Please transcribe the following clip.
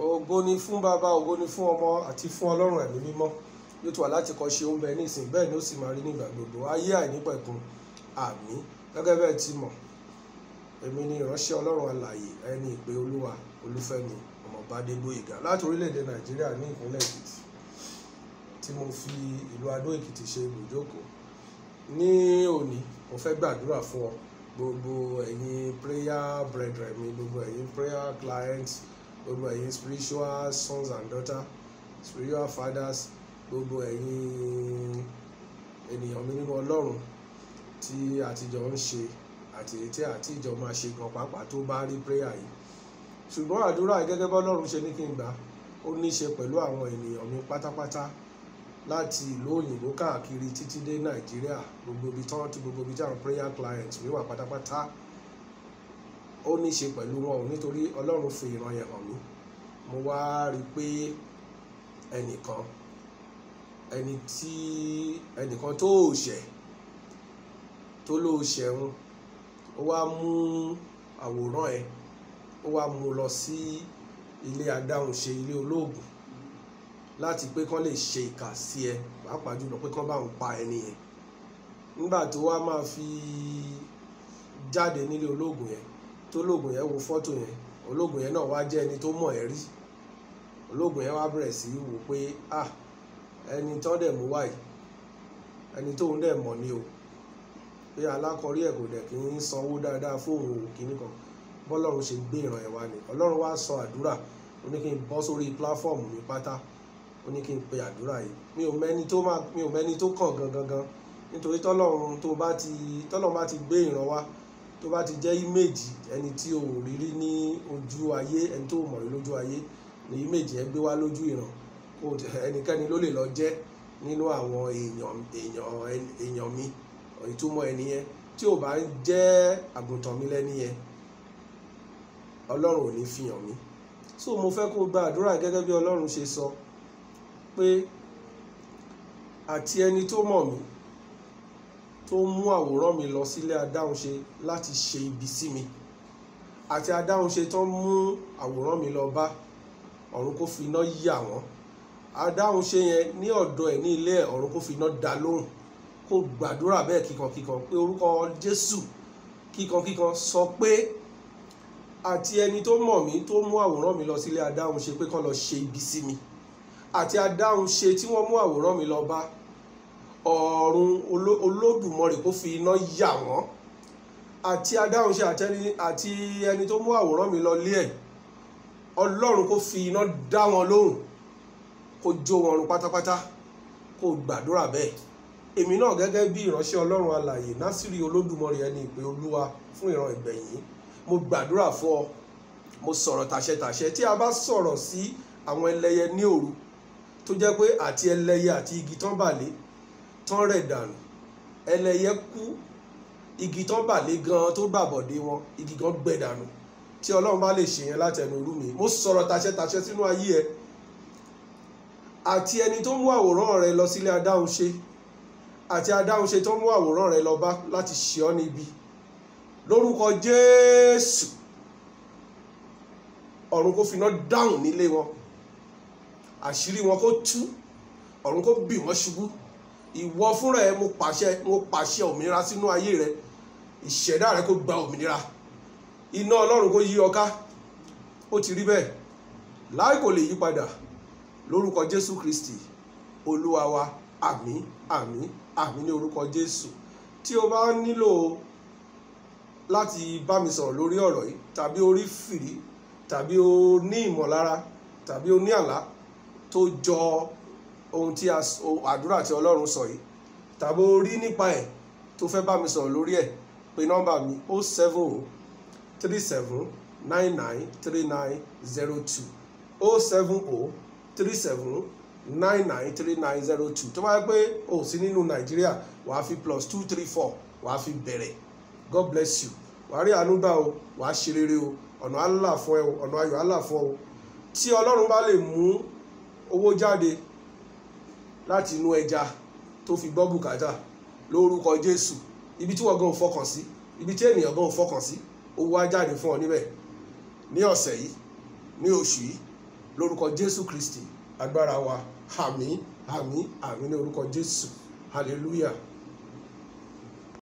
ògo ni fún bàbá ògo ni fún ọmọ àti fún ọlọ́run ẹ̀mí mímọ́ yóò tún wà láti kọ́ ṣe oúnjẹ ní ìsìn bẹ́ẹ̀ ni ó sì máa rí nígbà gbogbo ayé àìnípẹ̀kun àmín gẹ́gẹ́ bẹ́ẹ̀ ti mọ̀ èmi ni ìránṣẹ́ ọlọ́run alààyè ẹni ìpè olúwa olúfẹ́mi ọmọọba adégbóyèga láti orílẹ̀-èdè nàìjíríà ní ìpínlẹ̀ èkìtì tí mo fi ìlú adó èkìtì ṣe ibùjókòó ní òní mo fẹ́ gbàdúrà fún ọ gbogbo ẹ̀yin prayer brethren mi gbogbo ẹ̀yin prayer clients gbogbo ẹ̀yin spiritual sons and daughters spiritual fathers gbogbo ẹ̀yin ènìyàn mi nínú ọlọ́run tí àtijọ́ ń ṣe àti èyí tí àtijọ́ máa ṣe gan pàápàá tó bá rí prayer yìí ṣùgbọ́n àdúrà gẹ́gẹ́ bọ́lọ́run ṣe ní kí n gbà ó ní í ṣe pẹ̀lú àwọn ènìyàn mi pátápátá láti ìlú òyìnbó káàkiri títí dé nàìjíríà gbogbo ibi tí àwọn prayer clients mi wà pátápátá ó ní í ṣe pẹ̀lú wọn ò nítorí ọlọ́run fi ìran yẹn hàn mí mo wá rí i pé ẹnìkan ẹni tí ẹnìkan tó ṣẹ̀ tó ló ṣẹ̀hún ó wá mú àwòrán ẹ̀ ó wá mú lọ sí ilé adáhùnṣe ilé olóògùn láti pé kán lè ṣe ìkà sí ẹ pàápàá jùlọ pé kán bá ń pa ẹni yẹn nígbà tó wá máa fi jáde nílé olóògùn yẹn tólógùn yẹn wo fọ́tò yẹn ológun yẹn náà wá jẹ́ ẹni tó mọ̀ ẹ́ rí ológun yẹn wá bẹ̀rẹ̀ sí í wò pé ah ẹni tán dẹ̀ mú wáyìí ẹni tóun dẹ̀ mọ̀ ni o pé alákọ̀rí ẹ̀ kò dẹ̀ kí ń sanwó dáadáa fóun ò kíní kan bọ́lọ́run ṣe gbé ìran ẹ̀ wá ni ọlọ́run wá sọ àdúrà ó ní kí n bọ́ sórí pláfọ́ọ̀mù mi pátá ó ní kí n pe àdúrà yìí mi ò mẹ́ni tó máa mi ò mẹ́ni tó kàn gangan nítorí tọ́lọ́run tó bá ti tọ́lọ́run bá ti gbé ìran wá tó bá ti jẹ́ íméèjì ẹni tí o ò rí rí ní ojú ayé ẹni tó mọ̀ rí lójú ayé ní íméèjì ẹ gbé wá lójú ìran ẹnikẹ́ni ló lè lọ jẹ́ nínú àwọn èèyàn èèyàn mi ìtumọ̀ ẹni yẹn tí ò bá jẹ́ àgùntàn mi lẹ́ni yẹn ọlọ́run ò ní fi hàn mí so mo fẹ́ kó gba àdúrà gẹ́gẹ́ bí ọlọ́run ṣe sọ pé àti ẹni tó mọ̀ mí tó mú àwòrán mi lọ sílé adáhunṣe láti ṣe ibi sí mi àti adáhunṣe tó mú àwòrán mi lọ bá ọ̀run kó fi iná yà wọ́n adáhunṣe yẹn ní ọ̀dọ̀ ẹ̀ ní ilé ẹ̀ ọ̀run kó fi iná dá lóhùn kó gbàdúrà bẹ́ẹ̀ kíkankíkan pé orúkọ Jésù kíkankíkan sọ pé àti ẹni tó mọ̀ mí tó mú àwòrán mi lọ sílé adáhunṣe pé kán lọ ṣe ibi sí mi àti adáhunṣe tí wọ́n mú àwòrán mi lọ bá ọ̀run olódùmarè kó fi iná yà wọ́n àti adáhunṣe àti ẹni tó mú àwòrán mi lọ lé ẹ̀ ọlọ́run kó fi iná dá wọn lóhùn kó jó wọn run pátápátá kó gbàdúrà bẹ́ẹ̀ èmi náà gẹ́gẹ́ bí ìránṣẹ́ ọlọ́run alààyè násìrì olódùmarè ẹni ìpè olúwa fún ìran ìgbẹ̀yìn mo gbàdúrà fún ọ mo sọ̀rọ̀ tàṣẹtàṣẹ tí a bá sọ̀rọ̀ sí àwọn ẹlẹ́yẹ ní òru tó jẹ́ pé àti ẹlẹ́yẹ àti igi tán bàlẹ́ tán rẹ̀ dànù ẹlẹ́yẹ kú igi tán bà lé gan tó gbàbọ̀dé wọn igi gan gbẹ dànù tí ọlọ́run bá lè ṣe yẹn látẹnu irú mi mo sọ̀rọ̀ tàṣẹtàṣẹ sínú ayé ẹ àti ẹni tó mú àwòrán rẹ lọ sílé adáhunṣe àti adáhunṣe tó mú àwòrán rẹ lọ bá láti ṣe ọ́ níbi lórúkọ jésù ọ̀run kó finá dáhùn nílé wọn àṣírí wọn kó tú ọ̀run kó bì wọ́n ṣubú ìwọ fúnra ẹ mo pàṣẹ mo pàṣẹ òmìnira sínú ayé rẹ ìṣẹ̀dá rẹ kó gba òmìnira iná ọlọ́run kó yí ọ ká ó ti rí bẹ́ẹ̀ láì kò lè yí padà lórúkọ jésù kristi olúwa wa àmín àmín àmín ní orúkọ jésù tí o bá nílò láti bá mi sọ̀rọ̀ lórí ọ̀rọ̀ yìí tàbí o rí fìrí tàbí o ní ìmọ̀lára tàbí o ní àlá tó jọ ohun tí àdúrà tí ọlọ́run sọ yìí tàbí o rí nípa ẹ̀ tó fẹ́ bá mi sọ̀rọ̀ lórí ẹ̀ pé nọ́mbà mi o seven o three seven nine nine three nine zero two o seven o three seven nine nine three nine zero two tó bá yẹ o sí nínú nàìjíríà wàá fi plus two three four wàá fi bẹ̀rẹ̀ god bless you wàá rí àánú o wàá ṣe rere o ọ̀nà àlà fún o ọ̀nà ayọ̀ àlà o tí ọlọ́run bá lè mú owó jáde láti inú ẹja tó fi gbọ́ bùkátà lórúkọ jésù ibi tí wọ́n gan fọkàn sí ibi tí ènìyàn gan fọkàn sí owó á jáde fún ọ níbẹ̀ ní ọ̀sẹ̀ yìí ní oṣù yìí lórúkọ jésù kristi agbára wa àmín àmín àmín ní orúkọ jésù hallelujah.